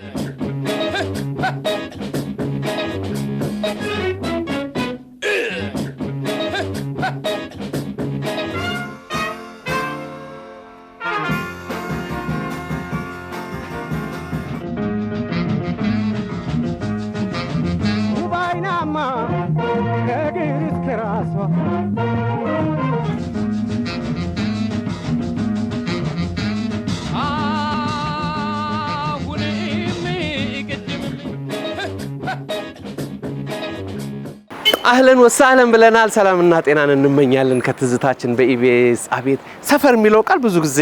Yeah. ወሳለን ብለናል። ሰላምና ጤናን እንመኛለን ከትዝታችን በኢቢኤስ አቤት ሰፈር የሚለው ቃል ብዙ ጊዜ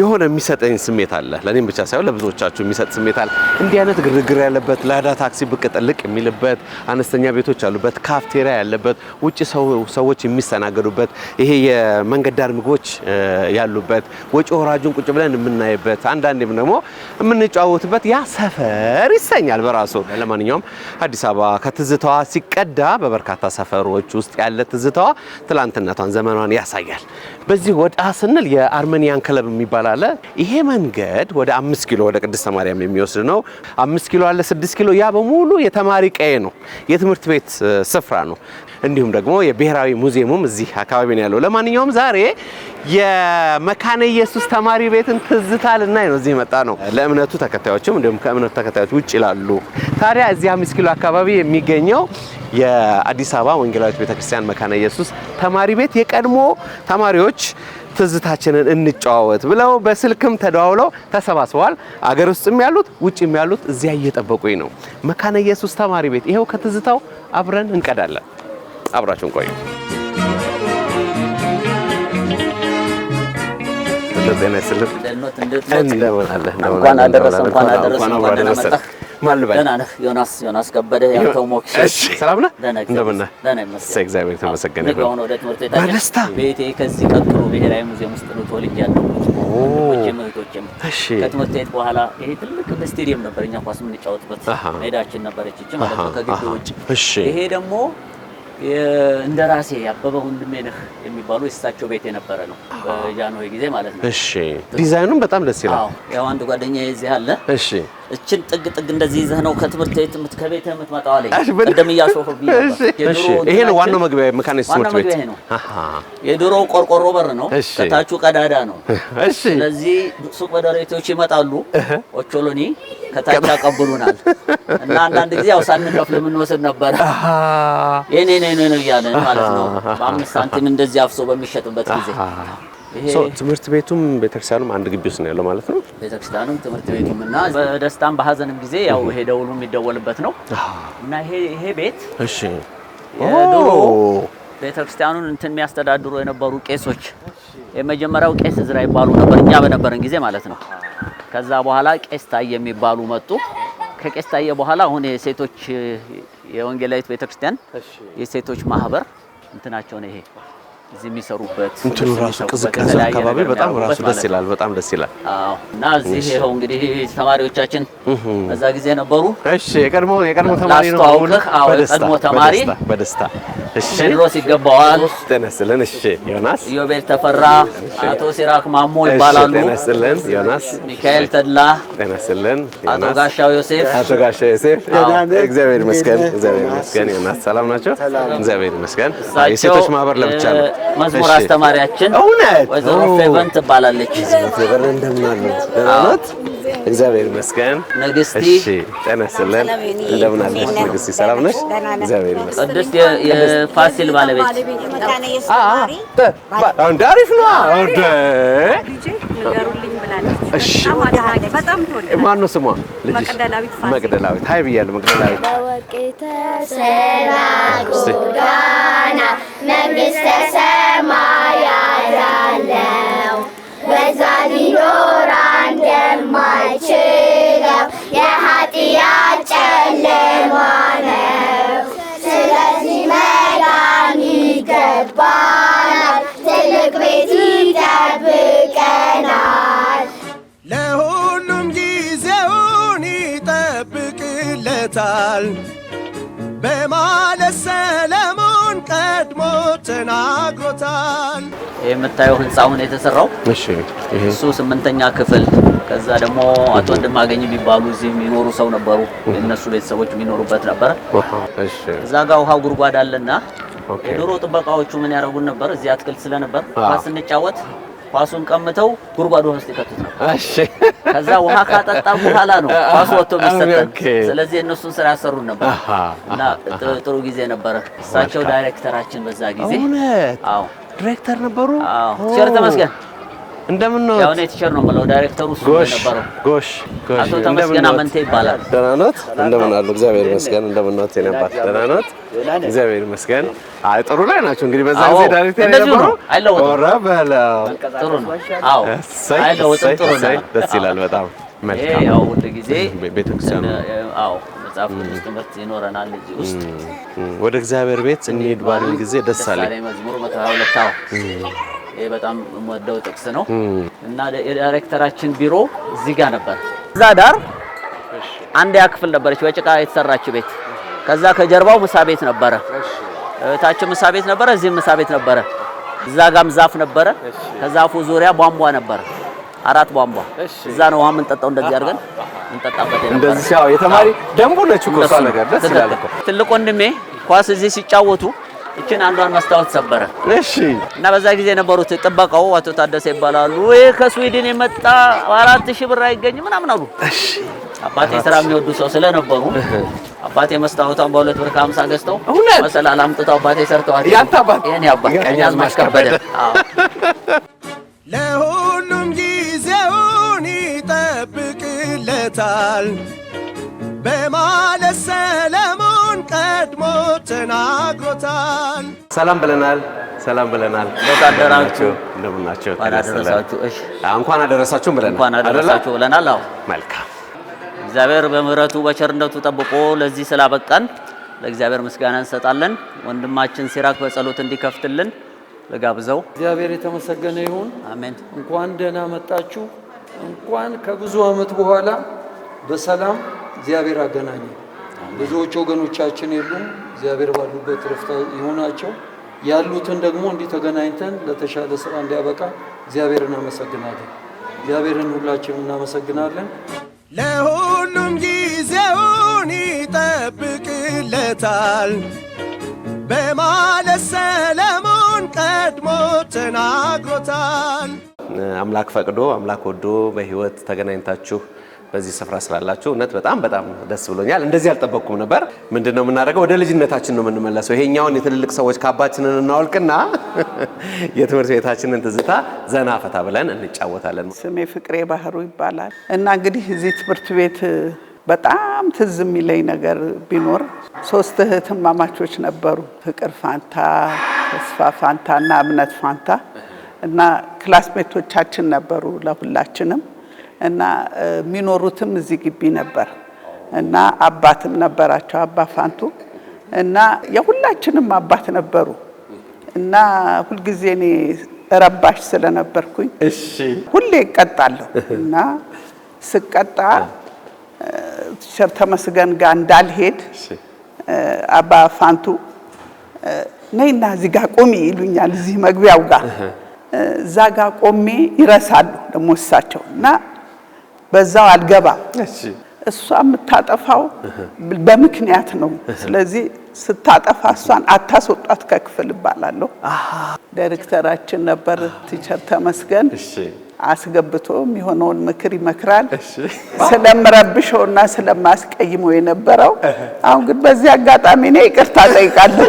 የሆነ የሚሰጠኝ ስሜት አለ። ለእኔም ብቻ ሳይሆን ለብዙዎቻችሁ የሚሰጥ ስሜት አለ። እንዲህ አይነት ግርግር ያለበት ላዳ ታክሲ ብቅ ጥልቅ የሚልበት አነስተኛ ቤቶች ያሉበት ካፍቴሪያ ያለበት ውጭ ሰዎች የሚስተናገዱበት ይሄ የመንገድ ዳር ምግቦች ያሉበት ወጪ ወራጁን ቁጭ ብለን የምናይበት አንዳንዴም ደግሞ የምንጫወትበት ያ ሰፈር ይሰኛል በራሱ። ለማንኛውም አዲስ አበባ ከትዝታዋ ሲቀዳ በበርካታ ሰፈሮች ውስጥ ያለ ትዝታዋ ትላንትነቷን ዘመኗን ያሳያል። በዚህ ወጣ ስንል የአርሜኒያን ክለብ የሚባል አለ። ይሄ መንገድ ወደ አምስት ኪሎ ወደ ቅድስተ ማርያም የሚወስድ ነው። አምስት ኪሎ አለ፣ ስድስት ኪሎ ያ በሙሉ የተማሪ ቀዬ ነው፣ የትምህርት ቤት ስፍራ ነው። እንዲሁም ደግሞ የብሔራዊ ሙዚየሙም እዚህ አካባቢ ነው ያለው። ለማንኛውም ዛሬ የመካነ ኢየሱስ ተማሪ ቤትን ትዝታ ልናይ ነው እዚህ መጣ ነው። ለእምነቱ ተከታዮችም እንዲሁም ከእምነቱ ተከታዮች ውጭ ይላሉ። ታዲያ እዚህ አምስት ኪሎ አካባቢ የሚገኘው የአዲስ አበባ ወንጌላዊት ቤተክርስቲያን መካነ ኢየሱስ ተማሪ ቤት የቀድሞ ተማሪዎች ትዝታችንን እንጨዋወት ብለው በስልክም ተደዋውለው ተሰባስበዋል። አገር ውስጥም ያሉት ውጭም ያሉት እዚያ እየጠበቁኝ ነው። መካነ ኢየሱስ ተማሪ ቤት ይኸው ከትዝታው አብረን እንቀዳለን። አብራችሁን ቆዩ። ጤና ይስጥልን። እንደምን አለ? እንደምን አደረሰ። እንኳን አደረሰ። እንኳን አደረሰ። ማን ደህና ነህ? ዮናስ ዮናስ ከበደ ያንተው ሞክሽ። እሺ ሰላም ነህ? እንደምን ነህ? ደህና ይመስገን። እግዚአብሔር ተመሰገነ ይሁን። አሁን ወደ ትምህርት ቤት በደስታ ቤቴ ከዚህ ቀጥሎ ብሔራዊ ሙዚየም ውስጥ ነው ተወልጃለሁ። ወንድሞቼም እህቶቼም። እሺ ከትምህርት ቤት በኋላ ይሄ ትልቅ ስቴዲየም ነበር፣ እኛ ኳስ የምንጫወትበት ሜዳችን ነበረች፣ እቺ ማለት ከግቢ ውጭ። እሺ ይሄ ደግሞ እንደራሴ አበበ ወንድሜ ነህ የሚባሉ የእሳቸው ቤት የነበረ ነው፣ በጃንሆይ ጊዜ ማለት ነው። እሺ፣ ዲዛይኑም በጣም ደስ ይላል። ያው አንድ ጓደኛዬ እዚህ አለ። እሺ፣ እችን ጥግ ጥግ እንደዚህ ይዘህ ነው ከትምህርት ቤት ከቤት የምትመጣው አለኝ። ቅድም እያሾፍብኝ ነበር። ይሄ ነው ዋናው መግቢያ መካኒክስ ትምህርት ቤት ነው። የድሮ ቆርቆሮ በር ነው፣ ከታቹ ቀዳዳ ነው። እሺ፣ ስለዚህ ሱቅ በደረቶች ይመጣሉ ኦቾሎኒ ከታች አቀብሉናል እና አንዳንድ ጊዜ ያው ሳንከፍል የምንወስድ ነበረ። ይሄ ነው እያለ ማለት ነው። በአምስት ሳንቲም እንደዚህ አፍሶ በሚሸጥበት ጊዜ ትምህርት ቤቱም ቤተክርስቲያኑም አንድ ግቢ ውስጥ ነው ያለው ማለት ነው። ቤተክርስቲያኑም ትምህርት ቤቱም እና በደስታም በሀዘንም ጊዜ ያው ይሄ ደውሉ የሚደወልበት ነው እና ይሄ ቤት እሺ፣ ቤተክርስቲያኑን እንትን የሚያስተዳድሩ የነበሩ ቄሶች የመጀመሪያው ቄስ ዝራ ይባሉ ነበር፣ እኛ በነበረን ጊዜ ማለት ነው። ከዛ በኋላ ቄስ ታዬ የሚባሉ መጡ። ከቄስ ታዬ በኋላ አሁን የሴቶች የወንጌላዊት ቤተክርስቲያን የሴቶች ማህበር እንትናቸው ነው ይሄ እዚህ የሚሰሩበት እንትኑ ራሱ ቅዝቃዜ አካባቢ በጣም ራሱ ደስ ይላል። በጣም ደስ ይላል። አዎ። እና እዚህ ይኸው እንግዲህ ተማሪዎቻችን በዛ ጊዜ ነበሩ። እሺ፣ የቀድሞ የቀድሞ ተማሪ ነው። አዎ፣ የቀድሞ ተማሪ በደስታ እሺ። ቴድሮስ ይገባዋል። ጤና እሺ፣ ዮናስ ዮቤል ተፈራ፣ አቶ ሲራክ ማሞ ይባላሉ። ጤና ዮናስ ሚካኤል ተድላ፣ ጤና አቶ ጋሻው ዮሴፍ፣ አቶ ጋሻው ዮሴፍ፣ እግዚአብሔር ይመስገን። እግዚአብሔር ይመስገን። ዮናስ ሰላም ናቸው። እግዚአብሔር ይመስገን። የሴቶች ማህበር ለብቻ ነው መዝሙር አስተማሪያችን እውነት ወይዘሮ ፌቨን ትባላለች። ፌቨን እንደምናለት ደናናት እግዚአብሔር ይመስገን። ንግስቲ እሺ፣ ጤና ይስጥልን። እንደምን ንግስቲ? ሰላም ነሽ? እግዚአብሔር ይመስገን። ቅድስት የፋሲል ባለቤት እንደ አሪፍ ነው። እንደ እሺ፣ ማነው ስሟ? ልጅሽ መቅደላዊት። ሀይ ብያለሁ መቅደላዊት መንግሥተ ሰማይ ያያለው በዛ ሊኖር እንደማይችለው የኃጢአት ጨለማ ነው። ስለዚህ መዳን ይገባናል። ትልቅ ቤት ይጠብቀናል። ለሁሉም ጊዜውን ይጠብቅለታል። ተናግሮታል። የምታየው ህንፃውን የተሰራው እሱ ስምንተኛ ክፍል ከዛ ደግሞ አቶ ወንድማገኝ የሚባሉ እዚህ የሚኖሩ ሰው ነበሩ። የእነሱ ቤተሰቦች የሚኖሩበት ነበረ። እዛ ጋር ውሃው ጉድጓድ አለና የድሮ ጥበቃዎቹ ምን ያደርጉን ነበር? እዚህ አትክልት ስለነበር ስንጫወት ኳሱን ቀምተው ጉርጓድ ውስጥ ይከቱት ነው። እሺ፣ ከዛ ውሃ ካጠጣ በኋላ ነው ኳሱ ወጥቶ የሚሰጠን። ስለዚህ እነሱን ስራ ያሰሩ ነበር እና ጥሩ ጊዜ ነበረ። እሳቸው ዳይሬክተራችን በዛ ጊዜ። አዎ ዳይሬክተር ነበሩ። ቸር ተመስገን እንደምን ነው? ያው ነው ቲቸር ነው ማለት ዳይሬክተሩ እሱ ነበር። ጎሽ ጎሽ፣ አቶ ተመስገን አመንቴ ይባላል። ደህና ኖት? እንደምን አሉ? እግዚአብሔር ይመስገን። እንደምን ኖት? የነበር ደህና ኖት? እግዚአብሔር ይመስገን። አይ ጥሩ ላይ ናቸው። እንግዲህ በዛ ጊዜ ዳይሬክተር የነበሩ ወራ በለው ጥሩ ነው። አዎ አይ ለውጥ ጥሩ ነው። ደስ ይላል በጣም መልካም። ያው ሁሉ ጊዜ ቤተክርስቲያን አዎ መጽሐፍ ቅዱስ ትምህርት ይኖረናል። እዚህ ውስጥ ወደ እግዚአብሔር ቤት እንሂድ ባልን ጊዜ ደስ አለኝ። መዝሙር 122 አዎ በጣም የምወደው ጥቅስ ነው እና የዳይሬክተራችን ቢሮ እዚህ ጋር ነበር። እዛ ዳር አንድ ያ ክፍል ነበረች በጭቃ የተሰራች ቤት። ከዛ ከጀርባው ምሳ ቤት ነበረ፣ ታችም ምሳ ቤት ነበረ፣ እዚህም ምሳ ቤት ነበረ። እዛ ጋም ዛፍ ነበረ። ከዛፉ ዙሪያ ቧንቧ ነበረ፣ አራት ቧንቧ። እዛ ነው ውሃ የምንጠጣው እንደዚህ አድርገን እንጠጣበት እንደዚህ ያው የተማሪ ደንቡ ነች እኮ እሷ ነገር ደስ ይላል እኮ። ትልቅ ወንድሜ ኳስ እዚህ ሲጫወቱ ይችን አንዷን መስታወት ሰበረ። እሺ። እና በዛ ጊዜ የነበሩት ጥበቃው አቶ ታደሰ ይባላሉ። ይህ ከስዊድን የመጣ አራት ሺህ ብር አይገኝ ምናምን አሉ። እሺ። አባቴ ስራ የሚወዱ ሰው ስለነበሩ አባቴ መስታወቷን በሁለት ብር ከሀምሳ ገዝተው መሰላል አምጥተው አባቴ ሰርተዋል። ያንተ አባት የኔ አባት ቀኛዝማች ከበደ። ለሁሉም ጊዜውን ይጠብቅለታል በማለት ሰለማ ቀድሞ ተናግሮታል። ሰላም ብለናል። ሰላም ብለናል። አደራችሁ እንደምናችሁ እንኳን አደረሳችሁ ብለናል። እንኳን አደረሳችሁ ብለናል። አዎ መልካም። እግዚአብሔር በምህረቱ በቸርነቱ ጠብቆ ለዚህ ስላበቃን ለእግዚአብሔር ምስጋና እንሰጣለን። ወንድማችን ሲራክ በጸሎት እንዲከፍትልን ልጋብዘው። እግዚአብሔር የተመሰገነ ይሁን። አሜን። እንኳን ደህና መጣችሁ። እንኳን ከብዙ ዓመት በኋላ በሰላም እግዚአብሔር አገናኘን። ብዙዎች ወገኖቻችን የሉም። እግዚአብሔር ባሉበት ረፍታ ይሆናቸው። ያሉትን ደግሞ እንዲህ ተገናኝተን ለተሻለ ስራ እንዲያበቃ እግዚአብሔር እናመሰግናለን። እግዚአብሔርን ሁላችንም እናመሰግናለን። ለሁሉም ጊዜውን ይጠብቅለታል በማለት ሰለሞን ቀድሞ ተናግሮታል። አምላክ ፈቅዶ አምላክ ወዶ በህይወት ተገናኝታችሁ በዚህ ስፍራ ስላላችሁ እውነት በጣም በጣም ደስ ብሎኛል። እንደዚህ አልጠበቅኩም ነበር። ምንድን ነው የምናደርገው? ወደ ልጅነታችን ነው የምንመለሰው። ይሄኛውን የትልልቅ ሰዎች ካባችንን እናወልቅና የትምህርት ቤታችንን ትዝታ ዘና ፈታ ብለን እንጫወታለን። ስሜ ፍቅሬ ባህሩ ይባላል እና እንግዲህ እዚህ ትምህርት ቤት በጣም ትዝ የሚለኝ ነገር ቢኖር ሶስት እህትማማቾች ነበሩ፣ ፍቅር ፋንታ፣ ተስፋ ፋንታ እና እምነት ፋንታ እና ክላስሜቶቻችን ነበሩ ለሁላችንም እና የሚኖሩትም እዚህ ግቢ ነበር እና አባትም ነበራቸው አባ ፋንቱ እና የሁላችንም አባት ነበሩ እና ሁልጊዜ እኔ ረባሽ ስለነበርኩኝ ሁሌ ይቀጣለሁ እና ስቀጣ ተመስገን ጋር እንዳልሄድ አባ ፋንቱ ነይና እዚህ ጋር ቆሚ ይሉኛል። እዚህ መግቢያው ጋር እዛ ጋር ቆሜ ይረሳሉ ደሞ እሳቸው እና በዛው አልገባ። እሷ የምታጠፋው በምክንያት ነው። ስለዚህ ስታጠፋ እሷን አታስወጧት ከክፍል እባላለሁ። ዳይሬክተራችን ነበር ቲቸር ተመስገን አስገብቶ የሚሆነውን ምክር ይመክራል። ስለምረብሸውና ስለማስቀይመው የነበረው አሁን ግን በዚህ አጋጣሚ እኔ ይቅርታ ጠይቃለሁ።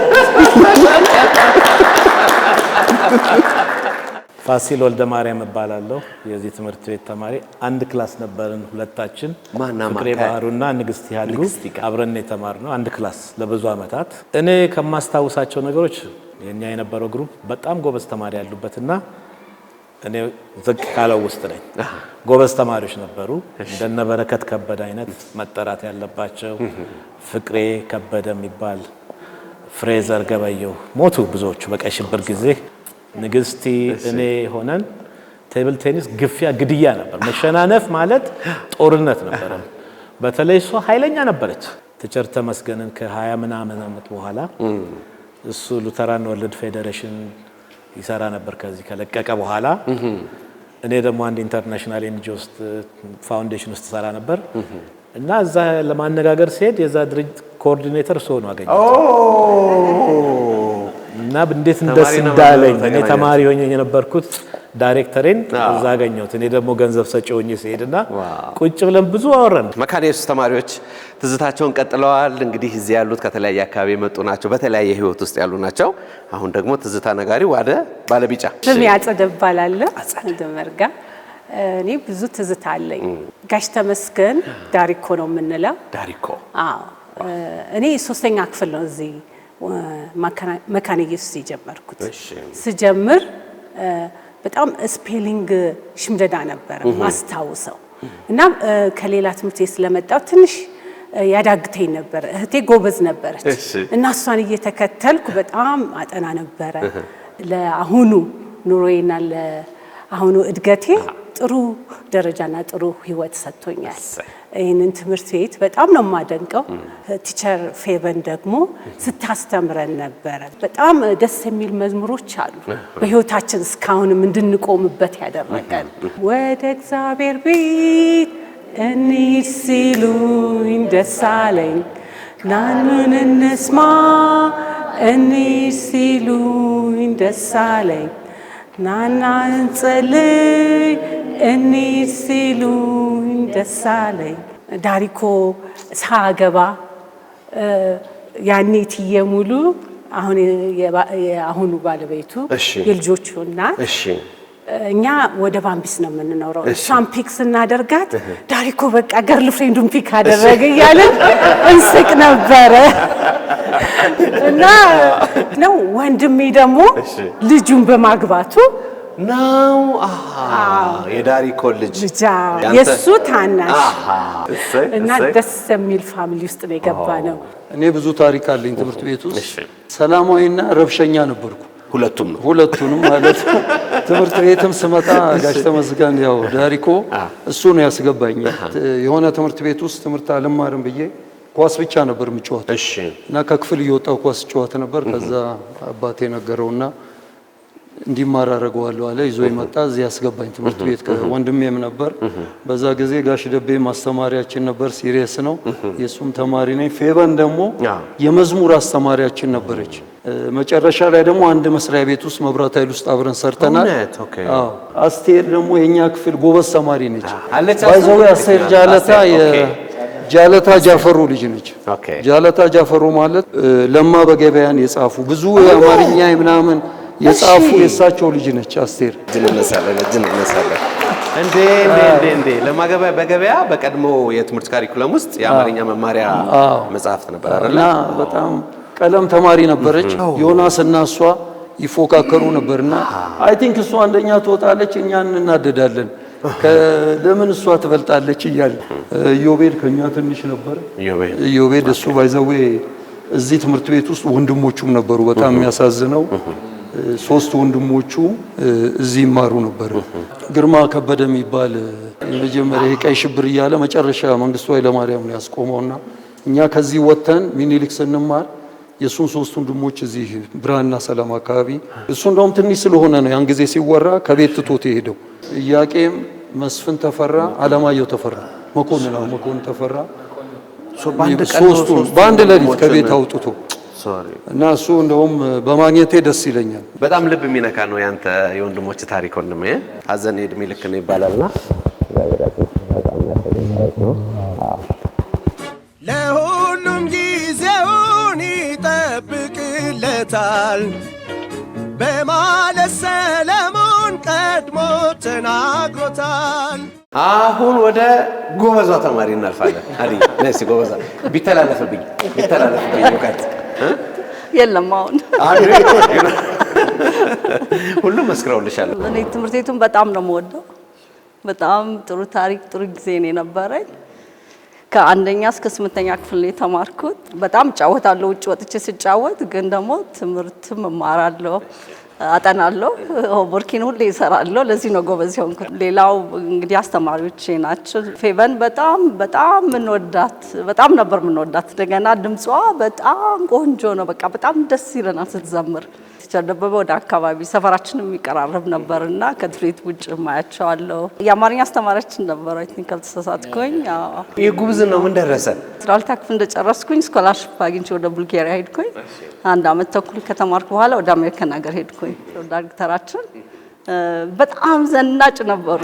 ፋሲል ወልደ ማርያም እባላለሁ። የዚህ ትምህርት ቤት ተማሪ አንድ ክላስ ነበርን ሁለታችን፣ ፍቅሬ ባህሩና ንግስት ያሉ አብረን የተማርነው አንድ ክላስ ለብዙ ዓመታት። እኔ ከማስታውሳቸው ነገሮች የኛ የነበረው ግሩፕ በጣም ጎበዝ ተማሪ ያሉበትና እኔ ዝቅ ካለው ውስጥ ነኝ። ጎበዝ ተማሪዎች ነበሩ፣ በረከት ከበደ አይነት መጠራት ያለባቸው፣ ፍቅሬ ከበደ የሚባል ፍሬዘር ገበየው ሞቱ ብዙዎቹ በቀይ ሽብር ጊዜ ንግስቲ እኔ ሆነን ቴብል ቴኒስ ግፊያ፣ ግድያ ነበር። መሸናነፍ ማለት ጦርነት ነበረ። በተለይ እሷ ኃይለኛ ነበረች። ቲቸር ተመስገንን ከሀያ ምናምን ዓመት በኋላ እሱ ሉተራን ወርልድ ፌዴሬሽን ይሰራ ነበር ከዚህ ከለቀቀ በኋላ እኔ ደግሞ አንድ ኢንተርናሽናል ኤንጂ ውስጥ ፋውንዴሽን ውስጥ ሰራ ነበር እና እዛ ለማነጋገር ሲሄድ የዛ ድርጅት ኮኦርዲኔተር እሱ ሆኖ አገኘ። ናብ እንዴት እንደስ እንዳለኝ እኔ ተማሪ ሆኜ የነበርኩት ዳይሬክተሬን እዛ አገኘሁት። እኔ ደግሞ ገንዘብ ሰጪ ሆኜ ስሄድና ቁጭ ብለን ብዙ አወረን። መካነ ኢየሱስ ተማሪዎች ትዝታቸውን ቀጥለዋል። እንግዲህ እዚህ ያሉት ከተለያየ አካባቢ የመጡ ናቸው፣ በተለያየ ህይወት ውስጥ ያሉ ናቸው። አሁን ደግሞ ትዝታ ነጋሪ ዋደ ባለቢጫ ስሜ አጸደ እባላለሁ። መርጋ እኔ ብዙ ትዝታ አለኝ። ጋሽ ተመስገን ዳሪኮ ነው የምንለው። ዳሪኮ እኔ ሶስተኛ ክፍል ነው እዚህ መካኒክስ የጀመርኩት። ስጀምር በጣም ስፔሊንግ ሽምደዳ ነበር ማስታውሰው እና ከሌላ ትምህርት ቤት ስለመጣሁ ትንሽ ያዳግተኝ ነበር። እህቴ ጎበዝ ነበረች እና እሷን እየተከተልኩ በጣም አጠና ነበረ። ለአሁኑ ኑሮዬና ለአሁኑ እድገቴ ጥሩ ደረጃና ጥሩ ህይወት ሰጥቶኛል። ይህንን ትምህርት ቤት በጣም ነው የማደንቀው። ቲቸር ፌቨን ደግሞ ስታስተምረን ነበረ። በጣም ደስ የሚል መዝሙሮች አሉ በህይወታችን እስካሁንም እንድንቆምበት ያደረገን። ወደ እግዚአብሔር ቤት እንሂድ ሲሉኝ ደስ አለኝ፣ ናኑን እንስማ እንሂድ ሲሉኝ ደስ አለኝ፣ ናና እንጸልይ እንሂድ ደስ አለኝ። ዳሪኮ ሳገባ ያኔ እትዬ ሙሉ አሁን የአሁኑ ባለቤቱ የልጆቹ እናት እኛ ወደ ባምቢስ ነው የምንኖረው። እሷን ፒክ ስናደርጋት ዳሪኮ በቃ ገርል ፍሬንዱን ፒክ አደረገ እያለን እንስቅ ነበረ እና ነው ወንድሜ ደግሞ ልጁን በማግባቱ ነው የዳሪኮ ልጅ የእሱ ታናሽ እና ደስ የሚል ፋሚሊ ውስጥ ነው የገባ ነው። እኔ ብዙ ታሪክ አለኝ ትምህርት ቤት ውስጥ ሰላማዊና ረብሸኛ ነበርኩ። ሁለቱም ነው ሁለቱንም ማለት ትምህርት ቤትም ስመጣ ጋሽ ተመስገን ያው ዳሪኮ እሱ ነው ያስገባኝ። የሆነ ትምህርት ቤት ውስጥ ትምህርት አልማርም ብዬ ኳስ ብቻ ነበር የምጫወት እና ከክፍል እየወጣው ኳስ ጨዋት ነበር። ከዛ አባቴ ነገረውና እንዲማር አደረገዋለሁ አለ። ይዞ የመጣ እዚህ ያስገባኝ ትምህርት ቤት ወንድሜም ነበር። በዛ ጊዜ ጋሽ ደቤ ማስተማሪያችን ነበር። ሲሪየስ ነው። የእሱም ተማሪ ነኝ። ፌበን ደግሞ የመዝሙር አስተማሪያችን ነበረች። መጨረሻ ላይ ደግሞ አንድ መስሪያ ቤት ውስጥ መብራት ኃይል ውስጥ አብረን ሰርተናል። አስቴር ደግሞ የእኛ ክፍል ጎበዝ ተማሪ ነች። ባይዘዊ አስቴር ጃለታ ጃለታ ጃፈሮ ልጅ ነች። ጃለታ ጃፈሮ ማለት ለማ በገበያን የጻፉ ብዙ የአማርኛ ምናምን የጻፉ የእሳቸው ልጅ ነች አስቴር። እጅ እንነሳለን፣ እጅ እንነሳለን። እንዴ እንዴ እንዴ እንዴ ለማገበያ በገበያ በቀድሞ የትምህርት ካሪኩለም ውስጥ የአማርኛ መማሪያ መጽሐፍት ነበር አይደለ? በጣም ቀለም ተማሪ ነበረች። ዮናስ እና እሷ ይፎካከሩ ነበርና አይ ቲንክ እሷ አንደኛ ትወጣለች፣ እኛ እንናደዳለን ለምን እሷ ትበልጣለች እያለ ኢዮቤድ ከኛ ትንሽ ነበር። ኢዮቤድ እሱ ባይዘዌ እዚህ ትምህርት ቤት ውስጥ ወንድሞቹም ነበሩ። በጣም የሚያሳዝነው ሶስት ወንድሞቹ እዚህ ይማሩ ነበር። ግርማ ከበደ የሚባል የመጀመሪያ የቀይ ሽብር እያለ መጨረሻ መንግስቱ ኃይለማርያም ነው ያስቆመውና እኛ ከዚህ ወጥተን ሚኒሊክ ስንማር የእሱን ሶስት ወንድሞች እዚህ ብርሃንና ሰላም አካባቢ እሱ እንደውም ትንሽ ስለሆነ ነው ያን ጊዜ ሲወራ ከቤት ትቶት የሄደው። ኢያቄም፣ መስፍን ተፈራ፣ አለማየሁ ተፈራ፣ መኮንን መኮንን ተፈራ ሶስቱን በአንድ ሌሊት ከቤት አውጥቶ እና እሱ እንደውም በማግኘቴ ደስ ይለኛል። በጣም ልብ የሚነካ ነው ያንተ የወንድሞች ታሪክ። ወንድሜ ሀዘን የእድሜ ልክ ነው ይባላልና ለሁሉም ጊዜውን ይጠብቅለታል በማለት ሰለሞን ቀድሞ ተናግሮታል። አሁን ወደ ጎበዟ ተማሪ እናልፋለን። አዲ ነሲ ጎበዟ ቢተላለፍብኝ ቢተላለፍብኝ እውቀት የለም። አሁን ሁሉም መስክረውልሻል። እኔ ትምህርት ቤቱን በጣም ነው የምወደው። በጣም ጥሩ ታሪክ፣ ጥሩ ጊዜ ነው የነበረኝ። ከአንደኛ እስከ ስምንተኛ ክፍል ነው የተማርኩት። በጣም እጫወታለሁ፣ ውጭ ወጥቼ ስጫወት፣ ግን ደግሞ ትምህርትም እማራለሁ። አጠናለሁ። ሆምወርኪን ሁሌ ይሰራለሁ። ለዚህ ነው ጎበዝ ሆንኩት። ሌላው እንግዲህ አስተማሪዎቼ ናቸው። ፌቨን በጣም በጣም ምንወዳት በጣም ነበር ምንወዳት። እንደገና ድምጿ በጣም ቆንጆ ነው። በቃ በጣም ደስ ይለናል ስትዘምር ዶክተር ደበበ ወደ አካባቢ ሰፈራችን የሚቀራረብ ነበር እና ከትሬት ውጭ ማያቸዋለሁ። የአማርኛ አስተማሪያችን ነበረ ቲንክ አልተሳሳትኩኝ። የጉብዝ ነው ምን ደረሰ ስራልታ ክፍል እንደጨረስኩኝ ስኮላርሽፕ አግኝቼ ወደ ቡልጋሪያ ሄድኩኝ። አንድ አመት ተኩል ከተማርኩ በኋላ ወደ አሜሪካን ሀገር ሄድኩኝ። ዳይሬክተራችን በጣም ዘናጭ ነበሩ።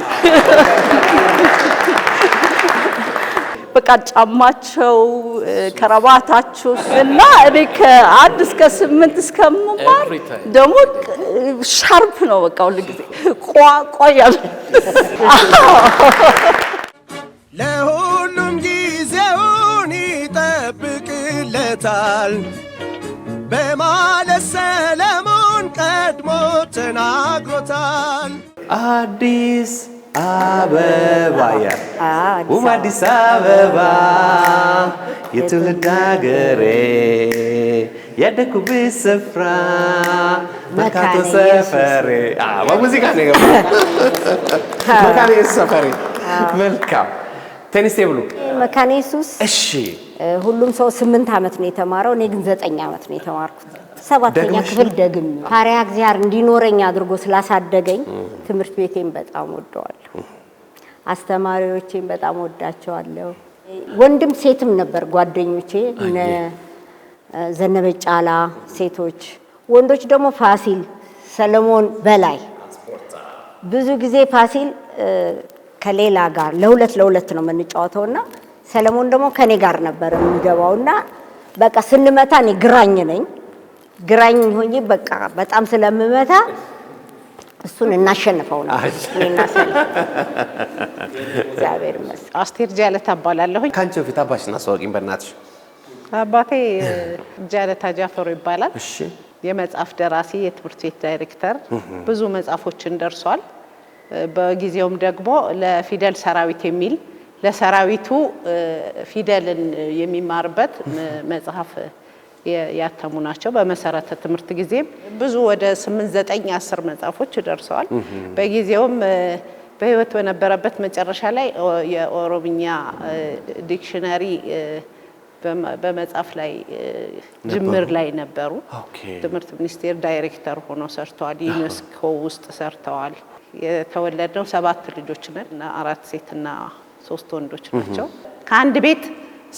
በቃ ጫማቸው፣ ከረባታቸው እና እኔ ከአንድ እስከ ስምንት እስከምማር ደግሞ ሻርፕ ነው በቃ ሁሉ ጊዜ ቋቋ ለሁሉም ጊዜውን ይጠብቅለታል በማለት ሰለሞን ቀድሞ ተናግሮታል አዲስ አበባ ውብ አዲስ አበባ የትውልድ ሀገሬ ያደኩበት ስፍራ መካቶ ሰፈሬ በሙዚቃ ነው የገባው። መካነ ኢየሱስ ሰፈሬ። መልካም ቴኒስ ቴብሉ መካነ ኢየሱስ። እሺ ሁሉም ሰው ስምንት ዓመት ነው የተማረው። እኔ ግን ዘጠኝ ዓመት ነው የተማርኩት። ሰባተኛ ክፍል ደግም ፓሪያ እግዚአብሔር እንዲኖረኝ አድርጎ ስላሳደገኝ ትምህርት ቤቴን በጣም ወደዋለሁ። አስተማሪዎቼን በጣም ወዳቸዋለሁ። ወንድም ሴትም ነበር ጓደኞቼ እነ ዘነበ ጫላ ሴቶች፣ ወንዶች ደግሞ ፋሲል፣ ሰለሞን በላይ ብዙ ጊዜ ፋሲል ከሌላ ጋር ለሁለት ለሁለት ነው የምንጫወተው እና ሰለሞን ደግሞ ከኔ ጋር ነበር የሚገባው እና በቃ ስንመታ እኔ ግራኝ ነኝ ግራኝ ሆኜ በቃ በጣም ስለምመታ እሱን እናሸንፈው ነው። እግዚአብሔር ይመስገን። አስቴር ጃለታ እባላለሁ። ከአንቺ በፊት አባትሽን አስተዋወቂኝ በእናትሽ። አባቴ ጃለታ ጃፈሮ ይባላል። የመጽሐፍ ደራሲ፣ የትምህርት ቤት ዳይሬክተር፣ ብዙ መጽሐፎችን ደርሷል። በጊዜውም ደግሞ ለፊደል ሰራዊት የሚል ለሰራዊቱ ፊደልን የሚማርበት መጽሐፍ ያተሙ ናቸው። በመሰረተ ትምህርት ጊዜም ብዙ ወደ ስምንት ዘጠኝ አስር መጽሐፎች ደርሰዋል። በጊዜውም በህይወት በነበረበት መጨረሻ ላይ የኦሮምኛ ዲክሽነሪ በመጻፍ ላይ ጅምር ላይ ነበሩ። ትምህርት ሚኒስቴር ዳይሬክተር ሆኖ ሰርተዋል። ዩኔስኮ ውስጥ ሰርተዋል። የተወለድነው ሰባት ልጆች ነን። አራት ሴትና ሶስት ወንዶች ናቸው። ከአንድ ቤት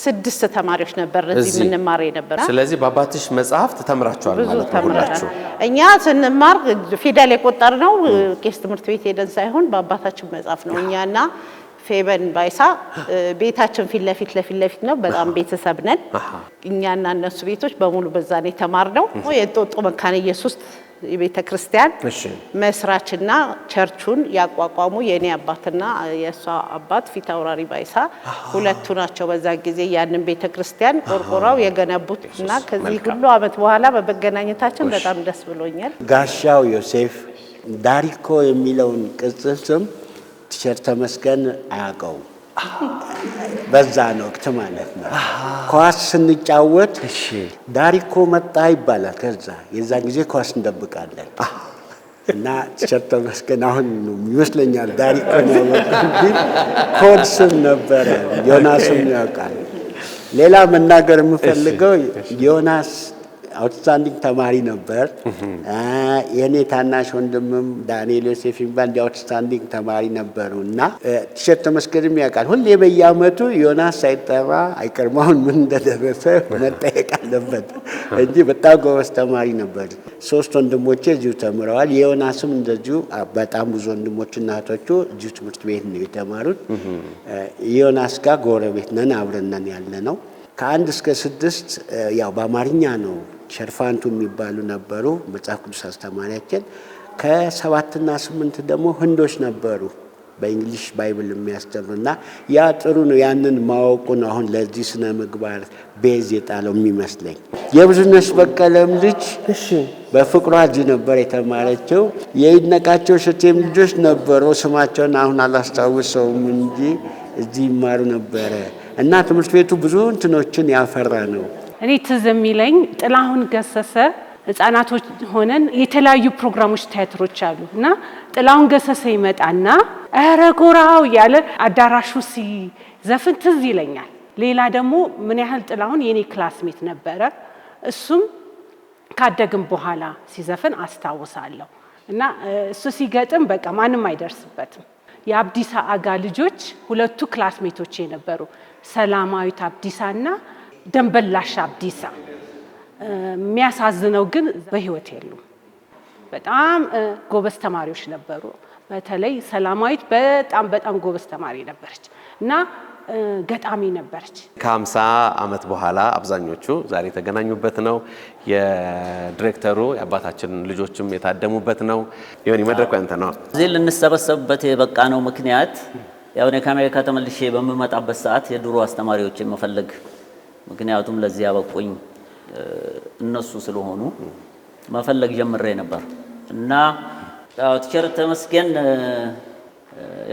ስድስት ተማሪዎች ነበር እዚህ የምንማር የነበረ። ስለዚህ በአባትሽ መጽሐፍት ተምራችኋል ማለት ነው ሁላችሁ? እኛ ስንማር ፊደል የቆጠር ነው ቄስ ትምህርት ቤት ሄደን ሳይሆን በአባታችን መጽሐፍ ነው እኛና ፌበን ባይሳ ቤታችን ፊት ለፊት ለፊት ለፊት ነው። በጣም ቤተሰብ ነን እኛና እነሱ ቤቶች በሙሉ በዛ ነው የተማርነው። መካን መካነ ኢየሱስ የቤተ ክርስቲያን መስራችና ቸርቹን ያቋቋሙ የእኔ አባትና የእሷ አባት ፊት አውራሪ ባይሳ ሁለቱ ናቸው። በዛ ጊዜ ያንን ቤተ ክርስቲያን ቆርቆራው የገነቡት እና ከዚህ ሁሉ ዓመት በኋላ በመገናኘታችን በጣም ደስ ብሎኛል። ጋሻው ዮሴፍ ዳሪኮ የሚለውን ቅጽል ስም ቲሸርት ተመስገን አያውቀውም። በዛን ወቅት ማለት ነው። ኳስ ስንጫወት ዳሪኮ መጣ ይባላል። ከዛ የዛን ጊዜ ኳስ እንደብቃለን እና ቲሸርት ተመስገን አሁን ይመስለኛል ዳሪኮ ነው ኮድ ስም ነበረ። ዮናስም ያውቃል። ሌላ መናገር የምፈልገው ዮናስ አውትስታንዲንግ ተማሪ ነበር። የእኔ ታናሽ ወንድምም ዳንኤል ዮሴፍ የሚባል እንዲ አውትስታንዲንግ ተማሪ ነበሩ እና ቲሸርት መስገድም ያውቃል። ሁሌ በየአመቱ ዮናስ ሳይጠራ አይቀርም። አሁን ምን እንደደረሰ መጠየቅ አለበት እንጂ በጣም ጎበዝ ተማሪ ነበር። ሶስት ወንድሞቼ እዚሁ ተምረዋል። የዮናስም እንደዚሁ በጣም ብዙ ወንድሞችና እናቶቹ እዚሁ ትምህርት ቤት ነው የተማሩት። ዮናስ ጋር ጎረቤት ነን፣ አብረን ያለ ነው። ከአንድ እስከ ስድስት ያው በአማርኛ ነው ሸርፋንቱ የሚባሉ ነበሩ መጽሐፍ ቅዱስ አስተማሪያችን። ከሰባትና ስምንት ደግሞ ህንዶች ነበሩ በእንግሊሽ ባይብል የሚያስተምሩና ያ ጥሩ ነው። ያንን ማወቁ ነው አሁን ለዚህ ስነ ምግባር ቤዝ የጣለው የሚመስለኝ። የብዙነሽ በቀለም ልጅ በፍቅሯ እዚህ ነበር የተማረችው። የይድነቃቸው እሸቴም ልጆች ነበሩ። ስማቸውን አሁን አላስታውሰውም እንጂ እዚህ ይማሩ ነበረ እና ትምህርት ቤቱ ብዙ እንትኖችን ያፈራ ነው። እኔ ትዝ የሚለኝ ጥላሁን ገሰሰ ህጻናቶች ሆነን የተለያዩ ፕሮግራሞች ቲያትሮች አሉ እና ጥላሁን ገሰሰ ይመጣና ኧረ ጎራው እያለ አዳራሹ ሲዘፍን ትዝ ይለኛል። ሌላ ደግሞ ምን ያህል ጥላሁን የኔ ክላስሜት ነበረ። እሱም ካደግም በኋላ ሲዘፍን አስታውሳለሁ እና እሱ ሲገጥም በቃ ማንም አይደርስበትም። የአብዲሳ አጋ ልጆች ሁለቱ ክላስሜቶች የነበሩ ሰላማዊት አብዲሳና ደንበላሽ አብዲሳ። የሚያሳዝነው ግን በህይወት የሉም። በጣም ጎበዝ ተማሪዎች ነበሩ። በተለይ ሰላማዊት በጣም በጣም ጎበዝ ተማሪ ነበረች እና ገጣሚ ነበረች። ከ50 ዓመት በኋላ አብዛኞቹ ዛሬ የተገናኙበት ነው። የዲሬክተሩ የአባታችን ልጆችም የታደሙበት ነው። ይሁን መድረኩ ያንተ ነው። እዚህ ልንሰበሰብበት የበቃ ነው ምክንያት ያው እኔ ከአሜሪካ ተመልሼ በምመጣበት ሰዓት የድሮ አስተማሪዎችን መፈለግ ምክንያቱም ለዚህ ያበቁኝ እነሱ ስለሆኑ መፈለግ ጀምሬ ነበር እና ያው ቲቸር ተመስገን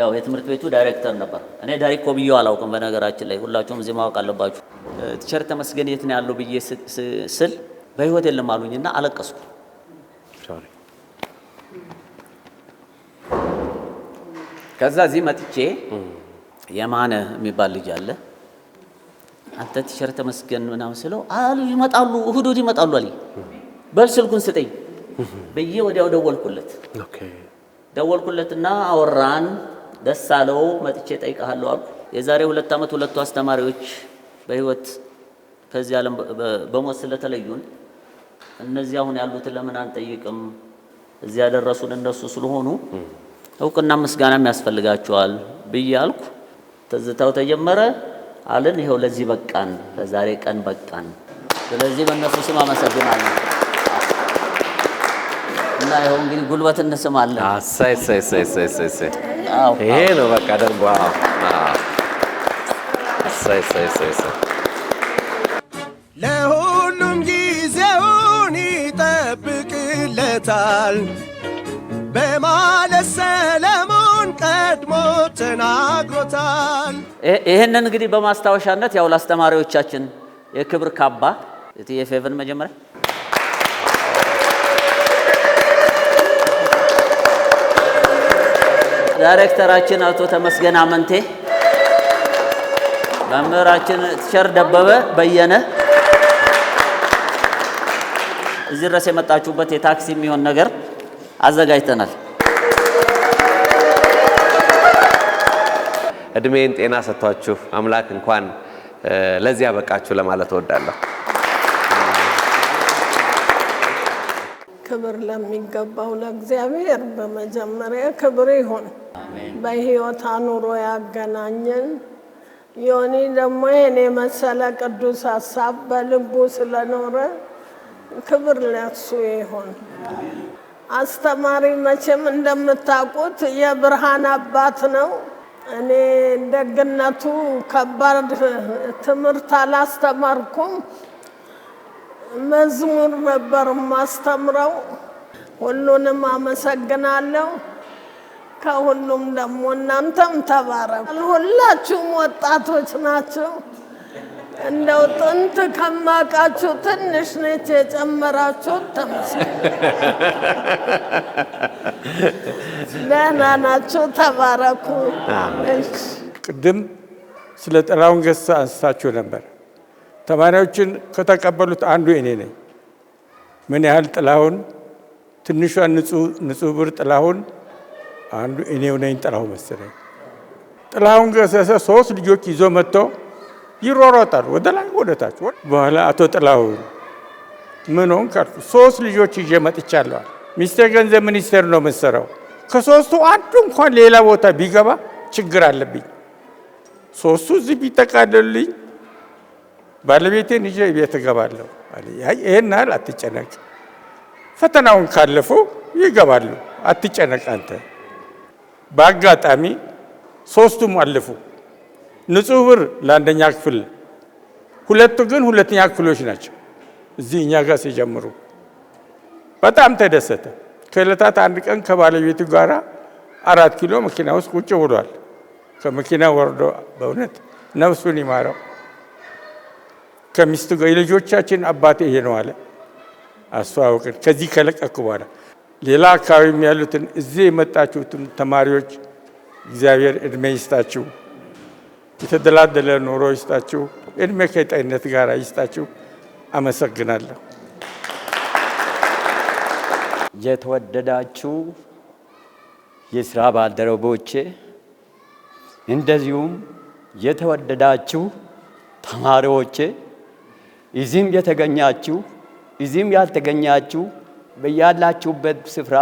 ያው የትምህርት ቤቱ ዳይሬክተር ነበር። እኔ ዳሪኮ ብዬው አላውቅም። በነገራችን ላይ ሁላችሁም እዚህ ማወቅ አለባችሁ። ቲቸር ተመስገን የት ነው ያለው ብዬ ስል በህይወት የለም አሉኝ እና አለቀስኩ። ከዛ እዚህ መጥቼ የማነ የሚባል ልጅ አለ አንተ ቲሸርት ተመስገን ምናምን ስለው አሉ ይመጣሉ፣ እሁድ እሁድ ይመጣሉ አለኝ። በል ስልኩን ስጠኝ ብዬ ወዲያው ደወልኩለት። ደወልኩለትና አወራን፣ ደስ አለው። መጥቼ ጠይቀሃለሁ አልኩ። የዛሬ ሁለት ዓመት ሁለቱ አስተማሪዎች በህይወት ከዚህ ዓለም በሞት ስለተለዩን እነዚህ አሁን ያሉትን ለምን አንጠይቅም? እዚህ ያደረሱን እነሱ ስለሆኑ እውቅና ምስጋናም ያስፈልጋቸዋል ብዬ አልኩ። ትዝታው ተጀመረ። አለን። ይኸው ለዚህ በቃን፣ ለዛሬ ቀን በቃን። ስለዚህ በእነሱ ስም አመሰግናለሁ እና ይኸው እንግዲህ ጉልበት እንስማለን። ይሄ ነው በቃ ደርጓ ለሁሉም ጊዜውን ይጠብቅለታል በማለት ሰለ ቀድሞ ተናግሮታል። ይህንን እንግዲህ በማስታወሻነት ያው ለአስተማሪዎቻችን የክብር ካባ የቲኤፍኤፍን መጀመሪያ ዳይሬክተራችን አቶ ተመስገን አመንቴ፣ መምህራችን ቲቸር ደበበ በየነ እዚህ ድረስ የመጣችሁበት የታክሲ የሚሆን ነገር አዘጋጅተናል። እድሜን ጤና ሰጥቷችሁ አምላክ እንኳን ለዚህ ያበቃችሁ ለማለት እወዳለሁ። ክብር ለሚገባው ለእግዚአብሔር በመጀመሪያ ክብር ይሁን። በህይወት አኑሮ ያገናኘን ዮኒ ደግሞ ይህን የመሰለ ቅዱስ ሀሳብ በልቡ ስለኖረ ክብር ለሱ ይሁን። አስተማሪ መቼም እንደምታውቁት የብርሃን አባት ነው። እኔ ደግነቱ ከባድ ትምህርት አላስተማርኩም። መዝሙር ነበር ማስተምረው። ሁሉንም አመሰግናለሁ። ከሁሉም ደግሞ እናንተም ተባረኩ። ሁላችሁም ወጣቶች ናቸው። እንደው ጥንት ከማውቃችሁ ትንሽ ነች የጨመራችሁት። ተመስገን። ደህና ናቸው። ተባረኩ። ቅድም ስለ ጥላሁን ገሰሰ አንስታችሁ ነበር። ተማሪዎችን ከተቀበሉት አንዱ እኔ ነኝ። ምን ያህል ጥላሁን ትንሿን ንጹህ ብር ጥላሁን አንዱ እኔው ነኝ። ጥላሁን መሰለኝ። ጥላሁን ገሰሰ ሶስት ልጆች ይዞ መጥቶ ይሯሯጣል ወደ ላይ ወደ ታች። በኋላ አቶ ጥላሁን ምን ሆንክ አልኩ። ሶስት ልጆች ይዤ መጥቻለዋል ሚኒስቴር ገንዘብ ሚኒስቴር ነው የምሰራው! ከሶስቱ አንዱ እንኳን ሌላ ቦታ ቢገባ ችግር አለብኝ። ሶስቱ እዚህ ቢጠቃለሉልኝ ባለቤቴን ይዤ ቤት እገባለሁ። ይህን ያህል አትጨነቅ፣ ፈተናውን ካለፉ ይገባሉ፣ አትጨነቅ አንተ። በአጋጣሚ ሶስቱም አለፉ። ንጹህ ብር ለአንደኛ ክፍል፣ ሁለቱ ግን ሁለተኛ ክፍሎች ናቸው እዚህ እኛ ጋር ሲጀምሩ በጣም ተደሰተ። ከዕለታት አንድ ቀን ከባለቤቱ ጋር አራት ኪሎ መኪና ውስጥ ቁጭ ብሏል። ከመኪና ወርዶ በእውነት ነፍሱን ይማረው ከሚስቱ ጋር የልጆቻችን አባቴ ይሄ ነው አለ። አስተዋወቅን። ከዚህ ከለቀኩ በኋላ ሌላ አካባቢም ያሉትን እዚህ የመጣችሁትን ተማሪዎች እግዚአብሔር እድሜ ይስጣችሁ፣ የተደላደለ ኑሮ ይስጣችሁ፣ እድሜ ከጤንነት ጋር ይስጣችሁ። አመሰግናለሁ። የተወደዳችሁ የስራ ባልደረቦቼ እንደዚሁም የተወደዳችሁ ተማሪዎቼ እዚህም የተገኛችሁ እዚህም ያልተገኛችሁ በያላችሁበት ስፍራ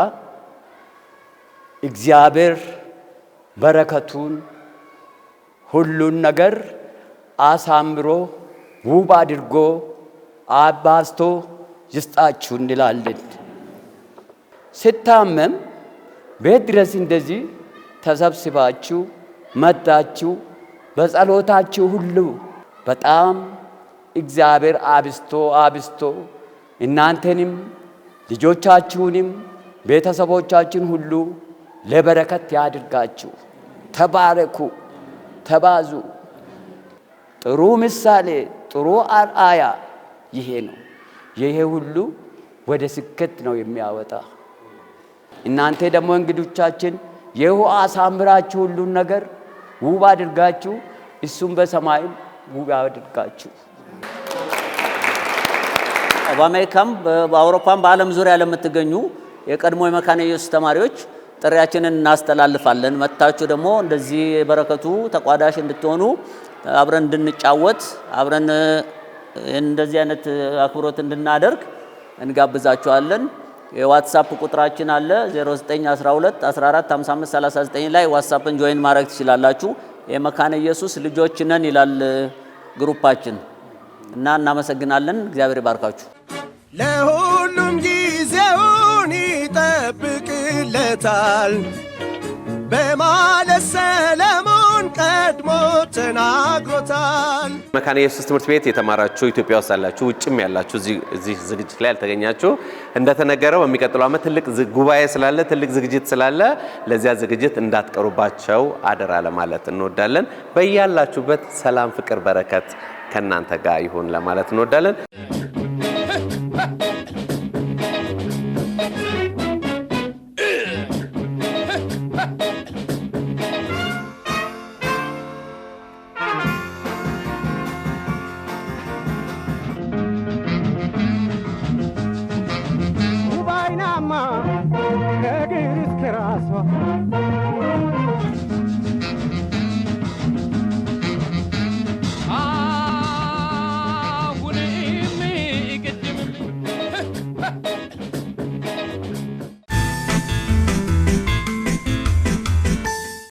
እግዚአብሔር በረከቱን ሁሉን ነገር አሳምሮ ውብ አድርጎ አባዝቶ ይስጣችሁ እንላለን። ስታመም ቤት ድረስ እንደዚህ ተሰብስባችሁ መጣችሁ። በጸሎታችሁ ሁሉ በጣም እግዚአብሔር አብስቶ አብስቶ እናንተንም ልጆቻችሁንም ቤተሰቦቻችን ሁሉ ለበረከት ያድርጋችሁ። ተባረኩ፣ ተባዙ። ጥሩ ምሳሌ፣ ጥሩ አርአያ ይሄ ነው። ይሄ ሁሉ ወደ ስኬት ነው የሚያወጣ እናንተ ደግሞ እንግዶቻችን የውሃ አሳምራችሁ ሁሉን ነገር ውብ አድርጋችሁ እሱም በሰማይም ውብ አድርጋችሁ በአሜሪካም በአውሮፓም በዓለም ዙሪያ ለምትገኙ የቀድሞ የመካነ ኢየሱስ ተማሪዎች ጥሪያችንን እናስተላልፋለን። መታችሁ ደግሞ እንደዚህ የበረከቱ ተቋዳሽ እንድትሆኑ አብረን እንድንጫወት አብረን እንደዚህ አይነት አክብሮት እንድናደርግ እንጋብዛችኋለን። የዋትሳፕ ቁጥራችን አለ 0912145539 ላይ ዋትሳፕን ጆይን ማድረግ ትችላላችሁ። የመካነ ኢየሱስ ልጆች ነን ይላል ግሩፓችን እና እናመሰግናለን። እግዚአብሔር ይባርካችሁ። ለሁሉም ጊዜውን ይጠብቅለታል በማለት ሰላም ቀድሞ ተናግሮታል። መካነ ኢየሱስ ትምህርት ቤት የተማራችሁ ኢትዮጵያ ውስጥ ያላችሁ ውጭም ያላችሁ እዚህ ዝግጅት ላይ ያልተገኛችሁ እንደተነገረው በሚቀጥለው ዓመት ትልቅ ጉባኤ ስላለ ትልቅ ዝግጅት ስላለ ለዚያ ዝግጅት እንዳትቀሩባቸው አደራ ለማለት እንወዳለን። በያላችሁበት ሰላም፣ ፍቅር፣ በረከት ከእናንተ ጋር ይሁን ለማለት እንወዳለን።